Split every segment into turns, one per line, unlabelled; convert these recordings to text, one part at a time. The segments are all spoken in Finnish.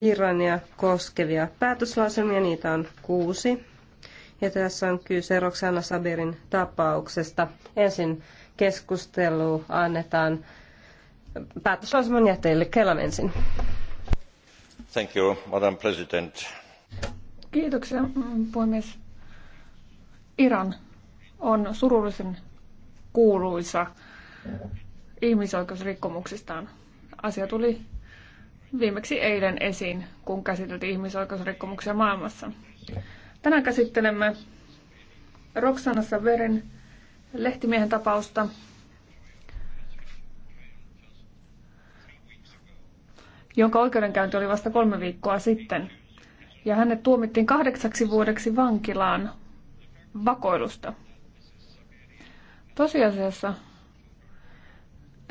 Irania koskevia päätöslauselmia, niitä on kuusi. Ja tässä on kyse Roksana Sabirin tapauksesta. Ensin keskustelu annetaan päätöslauselman jättäjille. Kelan ensin.
Thank you, Madam President.
Kiitoksia, mm, puhemies.
Iran on surullisen kuuluisa ihmisoikeusrikkomuksistaan. Asia tuli viimeksi eilen esiin, kun käsiteltiin ihmisoikeusrikkomuksia maailmassa. Tänään käsittelemme Roksanassa Veren lehtimiehen tapausta. jonka oikeudenkäynti oli vasta kolme viikkoa sitten. Ja hänet tuomittiin kahdeksaksi vuodeksi vankilaan vakoilusta. Tosiasiassa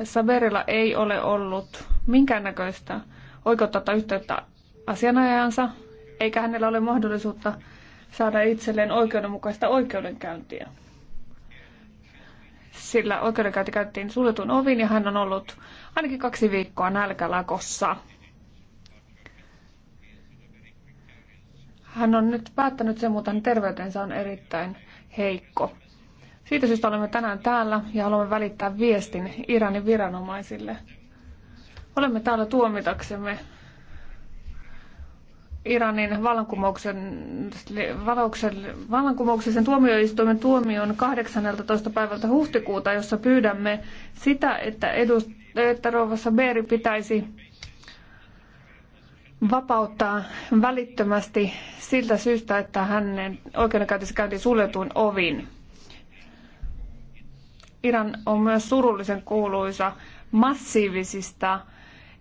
Saberilla ei ole ollut minkäännäköistä oikeutta ottaa yhteyttä asianajajansa, eikä hänellä ole mahdollisuutta saada itselleen oikeudenmukaista oikeudenkäyntiä. Sillä oikeudenkäynti käytiin suljetun ovin ja hän on ollut ainakin kaksi viikkoa nälkälakossa. Hän on nyt päättänyt sen, mutta terveytensä on erittäin heikko. Siitä syystä olemme tänään täällä ja haluamme välittää viestin Iranin viranomaisille – Olemme täällä tuomitaksemme Iranin vallankumouksen, vallankumouksen tuomioistuimen tuomion 18. päivältä huhtikuuta, jossa pyydämme sitä, että, edust, että rouva Beeri pitäisi vapauttaa välittömästi siltä syystä, että hänen oikeudenkäytössä käyntiin suljetuin ovin. Iran on myös surullisen kuuluisa massiivisista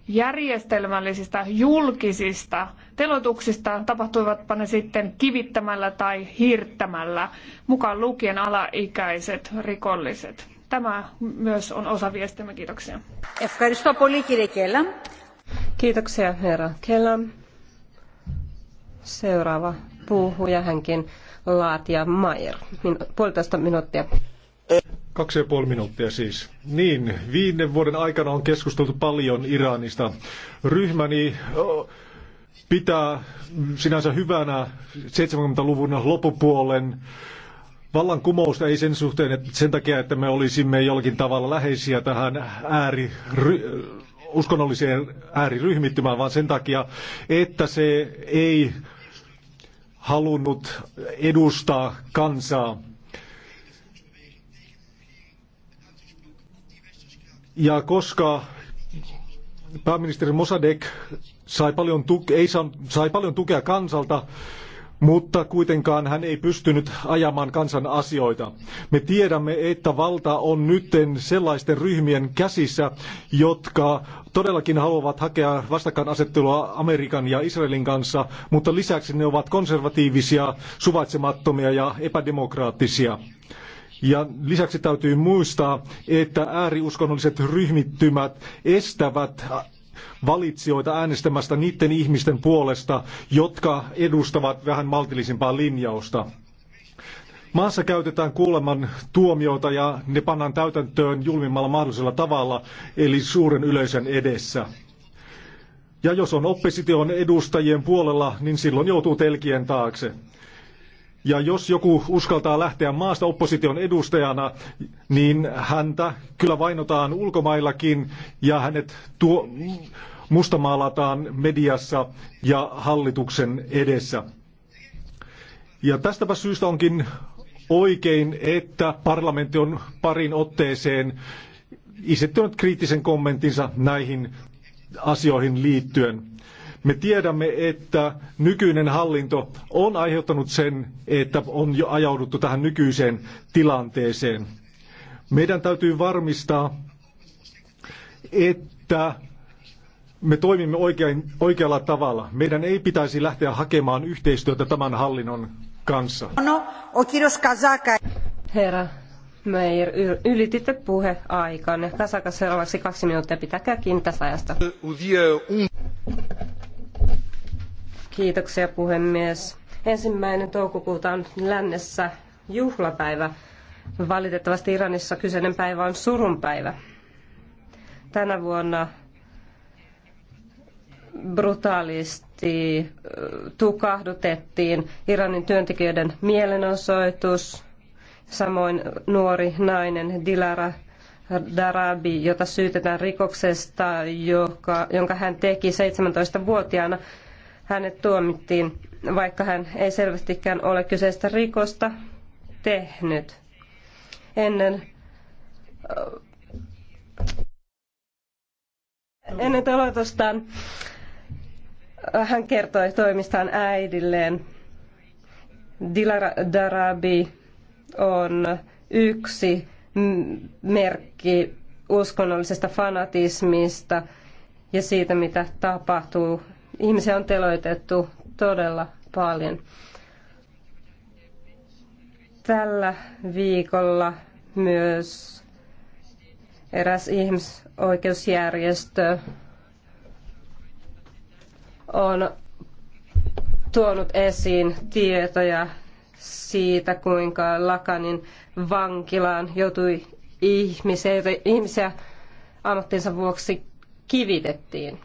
järjestelmällisistä julkisista telotuksista, tapahtuivatpa ne sitten kivittämällä tai hirttämällä, mukaan lukien alaikäiset rikolliset. Tämä myös on osa viestimme.
Kiitoksia. Kiitoksia herra Kela. Seuraava puhuja hänkin Laatia Mayer. Puolitoista minuuttia.
Kaksi ja puoli minuuttia siis. Niin, viiden vuoden aikana on keskusteltu paljon Iranista. Ryhmäni pitää sinänsä hyvänä 70-luvun loppupuolen vallankumousta, ei sen suhteen, että sen takia, että me olisimme jollakin tavalla läheisiä tähän ääri, uskonnolliseen ääriryhmittymään, vaan sen takia, että se ei halunnut edustaa kansaa. Ja koska pääministeri Mossadegh sai paljon, tuke, ei sa, sai paljon tukea kansalta, mutta kuitenkaan hän ei pystynyt ajamaan kansan asioita. Me tiedämme, että valta on nyt sellaisten ryhmien käsissä, jotka todellakin haluavat hakea vastakkainasettelua Amerikan ja Israelin kanssa, mutta lisäksi ne ovat konservatiivisia, suvaitsemattomia ja epädemokraattisia. Ja lisäksi täytyy muistaa, että ääriuskonnolliset ryhmittymät estävät valitsijoita äänestämästä niiden ihmisten puolesta, jotka edustavat vähän maltillisempaa linjausta. Maassa käytetään kuoleman tuomioita ja ne pannaan täytäntöön julmimmalla mahdollisella tavalla, eli suuren yleisön edessä. Ja jos on opposition edustajien puolella, niin silloin joutuu telkien taakse. Ja jos joku uskaltaa lähteä maasta opposition edustajana, niin häntä kyllä vainotaan ulkomaillakin ja hänet tuo, mustamaalataan mediassa ja hallituksen edessä. Ja tästäpä syystä onkin oikein, että parlamentti on parin otteeseen isettynyt kriittisen kommenttinsa näihin asioihin liittyen. Me tiedämme, että nykyinen hallinto on aiheuttanut sen, että on jo ajauduttu tähän nykyiseen tilanteeseen. Meidän täytyy varmistaa, että me toimimme oikein, oikealla tavalla. Meidän ei pitäisi lähteä hakemaan yhteistyötä tämän hallinnon kanssa. No,
Kazaka. Herra Meir, ylititte puheaikanne. Kasakas seuraavaksi kaksi minuuttia. Pitäkää kiinni tästä ajasta. Kiitoksia puhemies. Ensimmäinen toukokuuta on lännessä juhlapäivä. Valitettavasti Iranissa kyseinen päivä on surunpäivä. Tänä vuonna brutaalisti tukahdutettiin Iranin työntekijöiden mielenosoitus, samoin nuori nainen Dilara Darabi, jota syytetään rikoksesta, joka, jonka hän teki 17-vuotiaana hänet tuomittiin, vaikka hän ei selvästikään ole kyseistä rikosta tehnyt. Ennen, ennen teloitustaan hän kertoi toimistaan äidilleen. Dilara Darabi on yksi merkki uskonnollisesta fanatismista ja siitä, mitä tapahtuu Ihmisiä on teloitettu todella paljon. Tällä viikolla myös eräs ihmisoikeusjärjestö on tuonut esiin tietoja siitä, kuinka Lakanin vankilaan joutui ihmisiä, ihmisiä ammattinsa vuoksi kivitettiin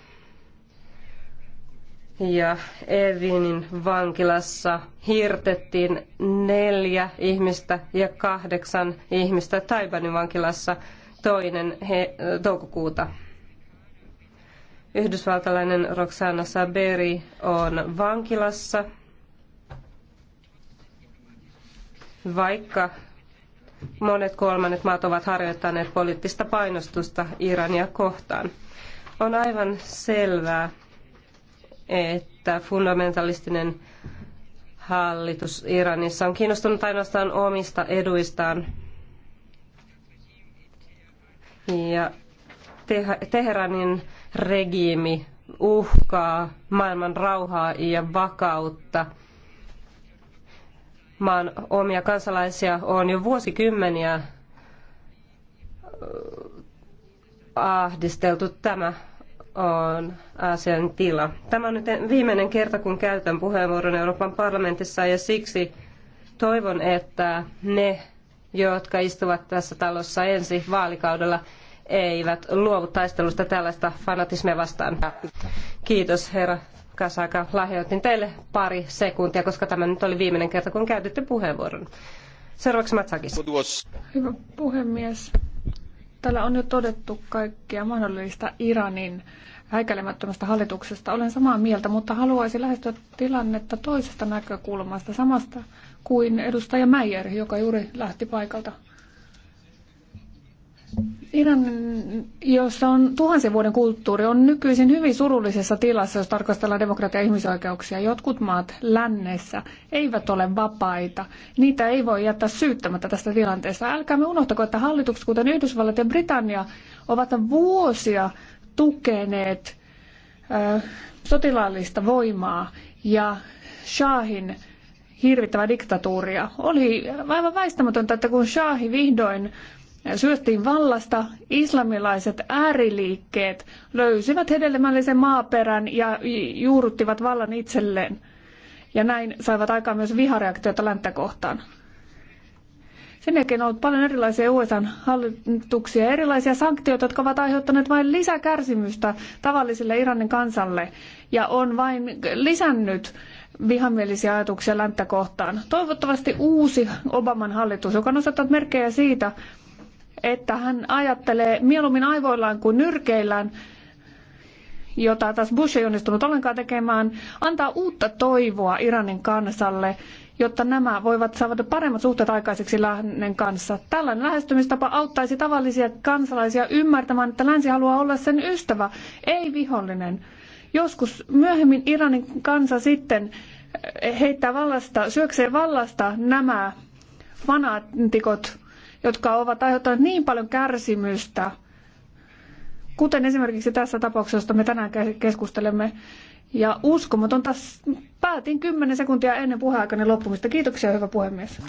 ja Evinin vankilassa hirtettiin neljä ihmistä ja kahdeksan ihmistä Taibanin vankilassa toinen he, toukokuuta. Yhdysvaltalainen Roxana Saberi on vankilassa, vaikka monet kolmannet maat ovat harjoittaneet poliittista painostusta Irania kohtaan. On aivan selvää, että fundamentalistinen hallitus Iranissa on kiinnostunut ainoastaan omista eduistaan. Ja Teheranin regiimi uhkaa maailman rauhaa ja vakautta. Maan omia kansalaisia on jo vuosikymmeniä ahdisteltu. Tämä on Aasian tila. Tämä on nyt viimeinen kerta, kun käytän puheenvuoron Euroopan parlamentissa ja siksi toivon, että ne, jotka istuvat tässä talossa ensi vaalikaudella, eivät luovu taistelusta tällaista fanatismia vastaan. Kiitos herra Kasaka. Lahjoitin teille pari sekuntia, koska tämä nyt oli viimeinen kerta, kun käytitte puheenvuoron. Seuraavaksi Matsakis.
Hyvä puhemies. Täällä on jo todettu kaikkia mahdollista Iranin häikäilemättömästä hallituksesta. Olen samaa mieltä, mutta haluaisin lähestyä tilannetta toisesta näkökulmasta, samasta kuin edustaja Meijer, joka juuri lähti paikalta. Iran, jossa on tuhansien vuoden kulttuuri, on nykyisin hyvin surullisessa tilassa, jos tarkastellaan demokratia- ja ihmisoikeuksia. Jotkut maat lännessä eivät ole vapaita. Niitä ei voi jättää syyttämättä tästä tilanteesta. Älkäämme unohtako, että hallitukset, kuten Yhdysvallat ja Britannia, ovat vuosia tukeneet äh, sotilaallista voimaa ja Shahin hirvittävää diktatuuria. Oli aivan väistämätöntä, että kun Shahi vihdoin syöttiin vallasta, islamilaiset ääriliikkeet löysivät hedelmällisen maaperän ja juurruttivat vallan itselleen. Ja näin saivat aikaan myös vihareaktiota länttä kohtaan. Sen jälkeen on ollut paljon erilaisia USA-hallituksia, erilaisia sanktioita, jotka ovat aiheuttaneet vain lisäkärsimystä tavalliselle Iranin kansalle ja on vain lisännyt vihamielisiä ajatuksia länttä kohtaan. Toivottavasti uusi Obaman hallitus, joka on osoittanut merkkejä siitä, että hän ajattelee mieluummin aivoillaan kuin nyrkeillään, jota taas Bush ei onnistunut ollenkaan tekemään, antaa uutta toivoa Iranin kansalle, jotta nämä voivat saada paremmat suhteet aikaiseksi lännen kanssa. Tällainen lähestymistapa auttaisi tavallisia kansalaisia ymmärtämään, että länsi haluaa olla sen ystävä, ei vihollinen. Joskus myöhemmin Iranin kansa sitten eh, heittää vallasta, syöksee vallasta nämä fanaatikot jotka ovat aiheuttaneet niin paljon kärsimystä, kuten esimerkiksi tässä tapauksessa, josta me tänään keskustelemme. Ja uskomatonta, päätin 10 sekuntia ennen puheaikani niin loppumista. Kiitoksia, hyvä puhemies.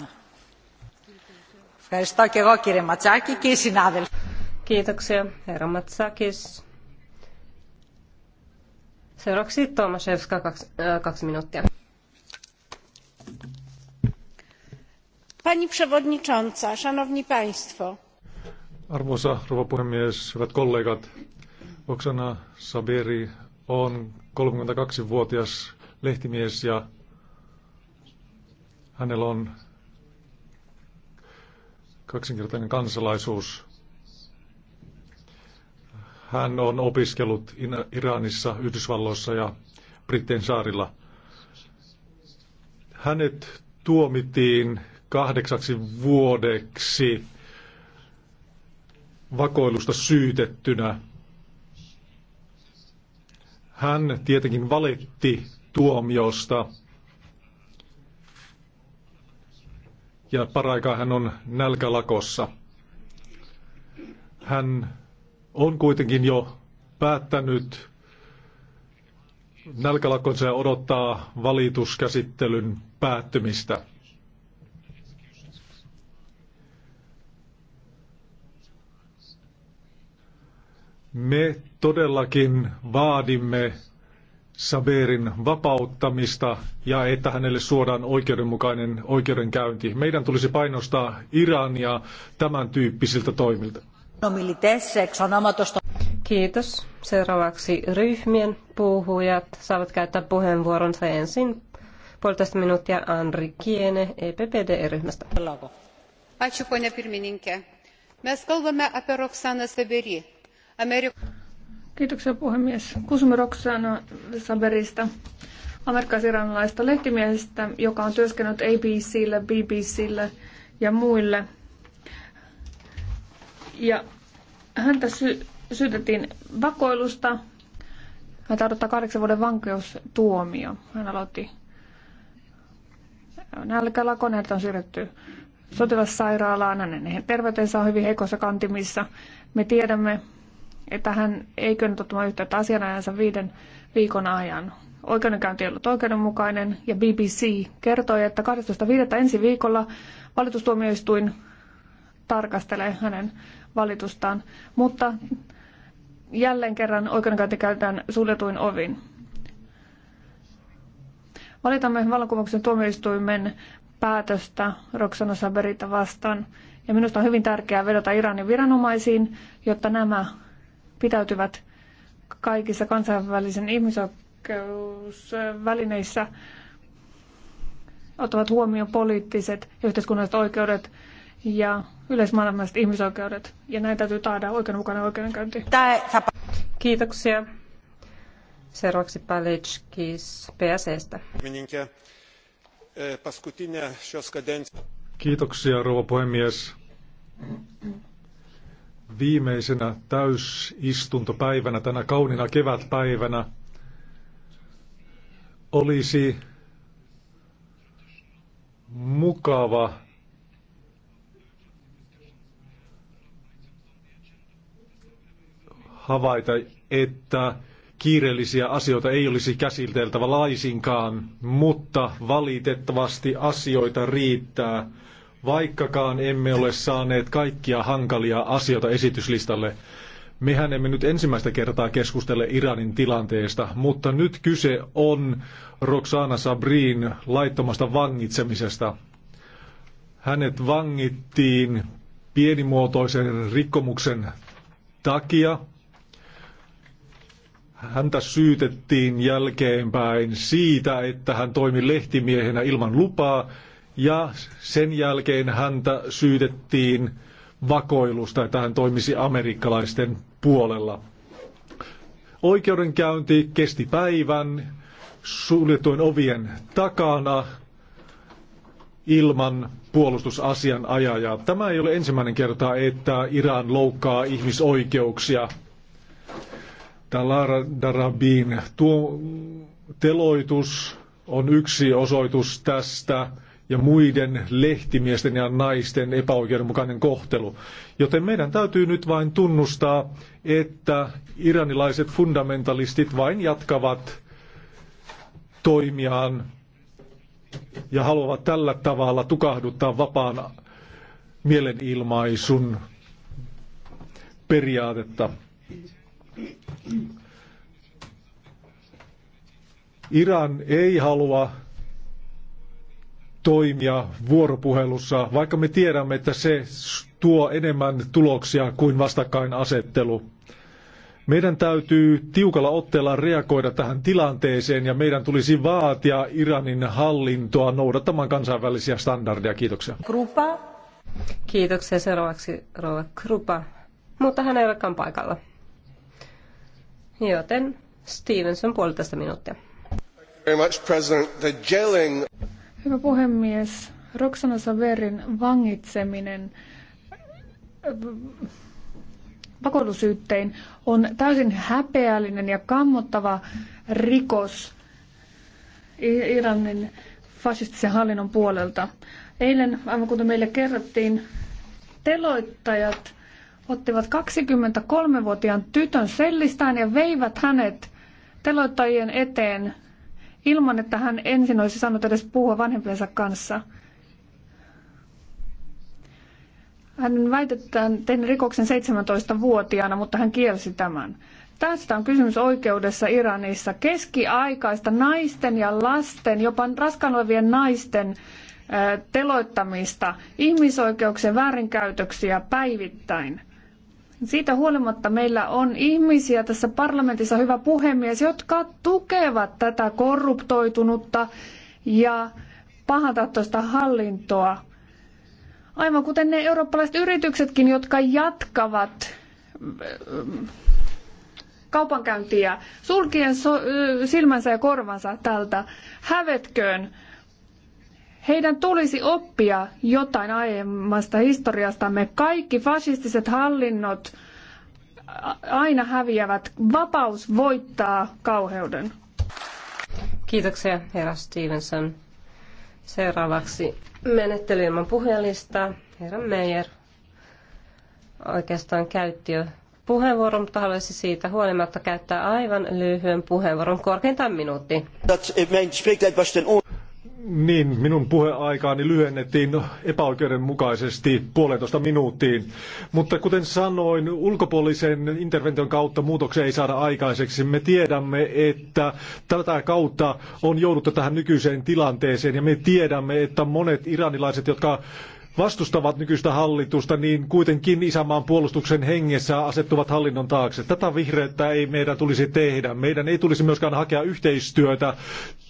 Kiitoksia, herra Matsakis. Seuraavaksi Tomaszewska, kaksi, äh, kaksi minuuttia. Pani przewodnicząca, szanowni państwo.
Arvoisa rouva puhemies, hyvät kollegat. Oksana Saberi on 32-vuotias lehtimies ja hänellä on kaksinkertainen kansalaisuus. Hän on opiskellut Iranissa, Yhdysvalloissa ja Brittein saarilla. Hänet tuomittiin kahdeksaksi vuodeksi vakoilusta syytettynä. Hän tietenkin valitti tuomiosta ja paraikaa hän on nälkälakossa. Hän on kuitenkin jo päättänyt nälkälakonsa ja odottaa valituskäsittelyn päättymistä. Me todellakin vaadimme Saberin vapauttamista ja että hänelle suodaan oikeudenmukainen oikeudenkäynti. Meidän tulisi painostaa Irania tämän tyyppisiltä toimilta.
No, Kiitos. Seuraavaksi ryhmien puhujat saavat käyttää puheenvuoronsa ensin. Puolitoista minuuttia Andri Kiene, EPPD-ryhmästä. E Ačiū, ponia pirmininkė. Mes kalbame apie Roksaną Saberį,
Kiitoksia puhemies. Kusumi Roksana Saberista, amerikkalaisiranilaista lehtimiehestä, joka on työskennellyt ABClle, BBClle ja muille. Ja häntä sy- syytettiin vakoilusta. Hän tarvittaa kahdeksan vuoden vankeustuomio. Hän aloitti nälkälakon, häntä on siirretty sotilassairaalaan, hänen terveytensä on hyvin heikossa kantimissa. Me tiedämme, että hän ei kyennyt ottamaan yhteyttä asianajansa viiden viikon ajan. Oikeudenkäynti ei ollut oikeudenmukainen ja BBC kertoi, että 12.5. ensi viikolla valitustuomioistuin tarkastelee hänen valitustaan, mutta jälleen kerran oikeudenkäynti käytetään suljetuin ovin. Valitamme vallankumouksen tuomioistuimen päätöstä Roksana Saberita vastaan. Ja minusta on hyvin tärkeää vedota Iranin viranomaisiin, jotta nämä pitäytyvät kaikissa kansainvälisen ihmisoikeusvälineissä, ottavat huomioon poliittiset ja yhteiskunnalliset oikeudet ja yleismaailmalliset ihmisoikeudet. Ja näin täytyy taada oikeudenmukainen oikeudenkäynti.
Kiitoksia. Seuraavaksi Paletskis
PSEstä. E, Kiitoksia, rouva puhemies viimeisenä täysistuntopäivänä, tänä kaunina kevätpäivänä, olisi mukava havaita, että kiireellisiä asioita ei olisi käsiteltävä laisinkaan, mutta valitettavasti asioita riittää. Vaikkakaan emme ole saaneet kaikkia hankalia asioita esityslistalle, mehän emme nyt ensimmäistä kertaa keskustele Iranin tilanteesta, mutta nyt kyse on Roxana Sabrin laittomasta vangitsemisesta. Hänet vangittiin pienimuotoisen rikkomuksen takia. Häntä syytettiin jälkeenpäin siitä, että hän toimi lehtimiehenä ilman lupaa ja sen jälkeen häntä syytettiin vakoilusta, että hän toimisi amerikkalaisten puolella. Oikeudenkäynti kesti päivän suljettujen ovien takana ilman puolustusasian Tämä ei ole ensimmäinen kerta, että Iran loukkaa ihmisoikeuksia. Lara Darabin tuo teloitus on yksi osoitus tästä ja muiden lehtimiesten ja naisten epäoikeudenmukainen kohtelu. Joten meidän täytyy nyt vain tunnustaa, että iranilaiset fundamentalistit vain jatkavat toimiaan ja haluavat tällä tavalla tukahduttaa vapaan mielenilmaisun periaatetta. Iran ei halua toimia vuoropuhelussa, vaikka me tiedämme, että se tuo enemmän tuloksia kuin vastakkainasettelu. Meidän täytyy tiukalla otteella reagoida tähän tilanteeseen ja meidän tulisi vaatia Iranin hallintoa noudattamaan kansainvälisiä standardeja. Kiitoksia. Krupa.
Kiitoksia seuraavaksi Rova Krupa, mutta hän ei olekaan paikalla. Joten Stevenson puolitoista minuuttia. Very much, President. The gelling... Hyvä puhemies. Roksana Saverin
vangitseminen äh, pakotusyyttein on täysin häpeällinen ja kammottava rikos Iranin fasistisen hallinnon puolelta. Eilen, aivan kuten meille kerrottiin, teloittajat ottivat 23-vuotiaan tytön sellistään ja veivät hänet teloittajien eteen ilman, että hän ensin olisi saanut edes puhua vanhempiensa kanssa. Hän väitetään tehnyt rikoksen 17-vuotiaana, mutta hän kielsi tämän. Tästä on kysymys oikeudessa Iranissa. Keskiaikaista naisten ja lasten, jopa raskaan olevien naisten teloittamista, ihmisoikeuksien väärinkäytöksiä päivittäin. Siitä huolimatta meillä on ihmisiä tässä parlamentissa, hyvä puhemies, jotka tukevat tätä korruptoitunutta ja pahantahtoista hallintoa. Aivan kuten ne eurooppalaiset yrityksetkin, jotka jatkavat äh, kaupankäyntiä sulkien äh, silmänsä ja korvansa tältä. Hävetköön heidän tulisi oppia jotain aiemmasta historiastamme. Kaikki fasistiset hallinnot aina häviävät. Vapaus voittaa kauheuden.
Kiitoksia, herra Stevenson. Seuraavaksi menettely ilman Herra Meijer oikeastaan käytti jo puheenvuoron, mutta haluaisi siitä huolimatta käyttää aivan lyhyen puheenvuoron, korkeintaan minuutti.
Eh, niin, minun puheaikaani lyhennettiin epäoikeudenmukaisesti puolentoista minuuttiin. Mutta kuten sanoin, ulkopuolisen intervention kautta muutoksia ei saada aikaiseksi. Me tiedämme, että tätä kautta on jouduttu tähän nykyiseen tilanteeseen ja me tiedämme, että monet iranilaiset, jotka vastustavat nykyistä hallitusta, niin kuitenkin isänmaan puolustuksen hengessä asettuvat hallinnon taakse. Tätä vihreyttä ei meidän tulisi tehdä. Meidän ei tulisi myöskään hakea yhteistyötä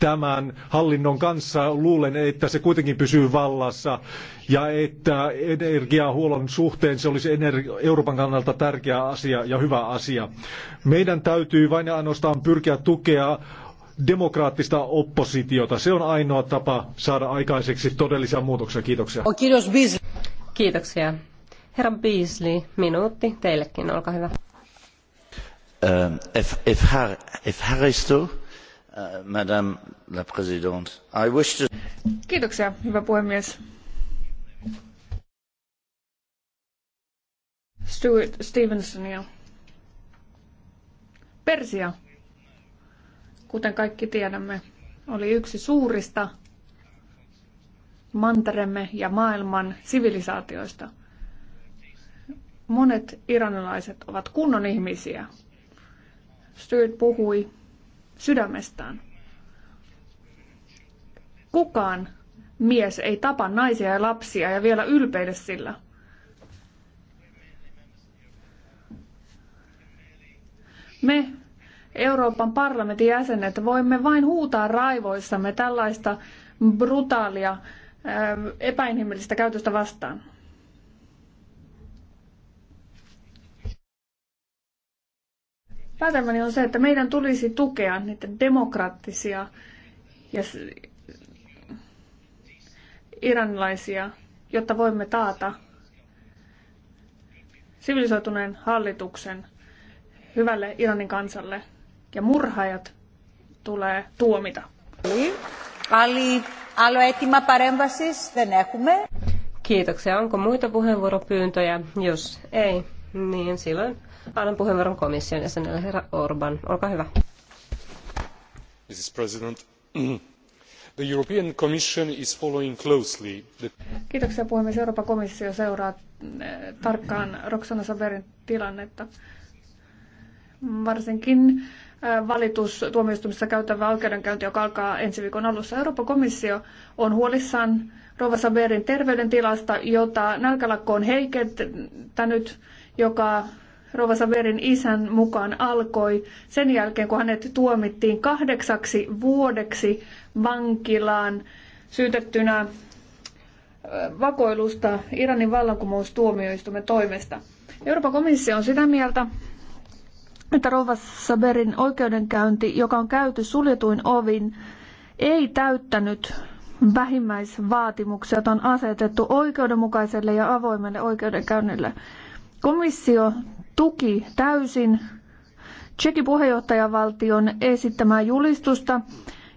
tämän hallinnon kanssa. Luulen, että se kuitenkin pysyy vallassa ja että energiahuollon suhteen se olisi Euroopan kannalta tärkeä asia ja hyvä asia. Meidän täytyy vain ja ainoastaan pyrkiä tukea demokraattista oppositiota. Se on ainoa tapa saada aikaiseksi todellisia muutoksia. Kiitoksia. Oh,
Kiitoksia. Herra Beasley, minuutti teillekin, olkaa hyvä.
Um, uh, la présidente, Kiitoksia, hyvä puhemies. Stuart Stevensonia. Persia kuten kaikki tiedämme, oli yksi suurista mantaremme ja maailman sivilisaatioista. Monet iranilaiset ovat kunnon ihmisiä. Stuart puhui sydämestään. Kukaan mies ei tapa naisia ja lapsia ja vielä ylpeile sillä. Me Euroopan parlamentin jäsenet voimme vain huutaa raivoissamme tällaista brutaalia epäinhimillistä käytöstä vastaan. Päätelmäni on se, että meidän tulisi tukea niitä demokraattisia ja iranilaisia, jotta voimme taata sivilisoituneen hallituksen hyvälle Iranin kansalle – ja murhaajat tulee tuomita.
Kiitoksia. Onko muita puheenvuoropyyntöjä? Jos ei, niin silloin annan puheenvuoron komission jäsenelle herra Orban. Olkaa hyvä.
Mrs. President, the European Commission is following closely the...
Kiitoksia puhemies. Euroopan
komissio seuraa eh, tarkkaan Roxana Saverin tilannetta. Varsinkin valitus tuomioistuimessa käytävä oikeudenkäynti, joka alkaa ensi viikon alussa. Euroopan komissio on huolissaan Rova Saberin terveydentilasta, jota nälkälakko on heikentänyt, joka Rova Saberin isän mukaan alkoi sen jälkeen, kun hänet tuomittiin kahdeksaksi vuodeksi vankilaan syytettynä vakoilusta Iranin vallankumoustuomioistuimen toimesta. Euroopan komissio on sitä mieltä, että Rova Saberin oikeudenkäynti, joka on käyty suljetuin ovin, ei täyttänyt vähimmäisvaatimuksia, joita on asetettu oikeudenmukaiselle ja avoimelle oikeudenkäynnille. Komissio tuki täysin Tsekin puheenjohtajavaltion esittämää julistusta,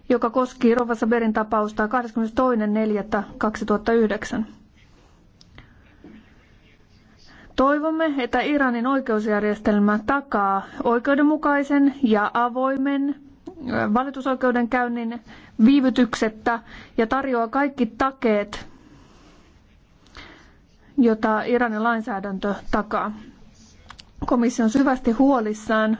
joka koski Rova Saberin tapausta 22.4.2009. Toivomme, että Iranin oikeusjärjestelmä takaa oikeudenmukaisen ja avoimen valitusoikeudenkäynnin viivytyksettä ja tarjoaa kaikki takeet, jota Iranin lainsäädäntö takaa. Komissio on syvästi huolissaan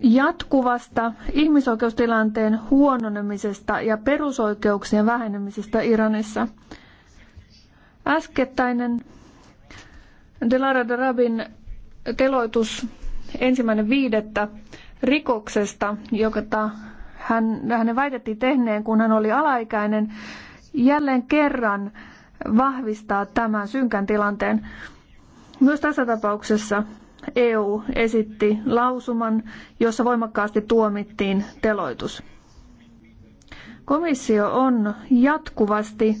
jatkuvasta ihmisoikeustilanteen huononemisesta ja perusoikeuksien vähenemisestä Iranissa. Äskettäinen Delara Darabin teloitus ensimmäinen viidettä rikoksesta, jota hän, hänen väitettiin tehneen, kun hän oli alaikäinen, jälleen kerran vahvistaa tämän synkän tilanteen. Myös tässä tapauksessa EU esitti lausuman, jossa voimakkaasti tuomittiin teloitus. Komissio on jatkuvasti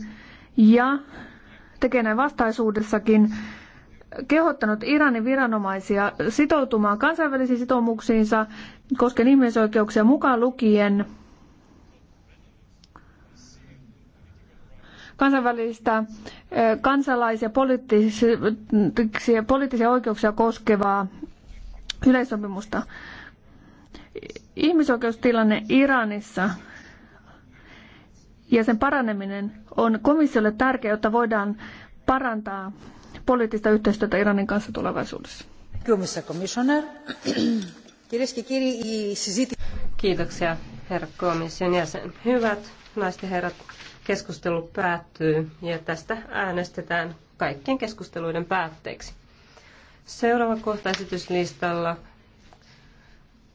ja tekee näin vastaisuudessakin kehottanut Iranin viranomaisia sitoutumaan kansainvälisiin sitoumuksiinsa koskien ihmisoikeuksia mukaan lukien kansainvälistä kansalais- ja poliittisia, poliittisia oikeuksia koskevaa yleissopimusta. Ihmisoikeustilanne Iranissa ja sen paraneminen on komissiolle tärkeää, jotta voidaan
parantaa
poliittista yhteistyötä Iranin kanssa tulevaisuudessa.
Kiitoksia, herra komission jäsen. Hyvät naiset ja herrat, keskustelu päättyy ja tästä äänestetään kaikkien keskusteluiden päätteeksi. Seuraava kohta esityslistalla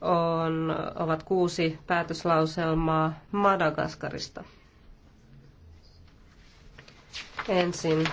on, ovat kuusi päätöslauselmaa Madagaskarista. Ensin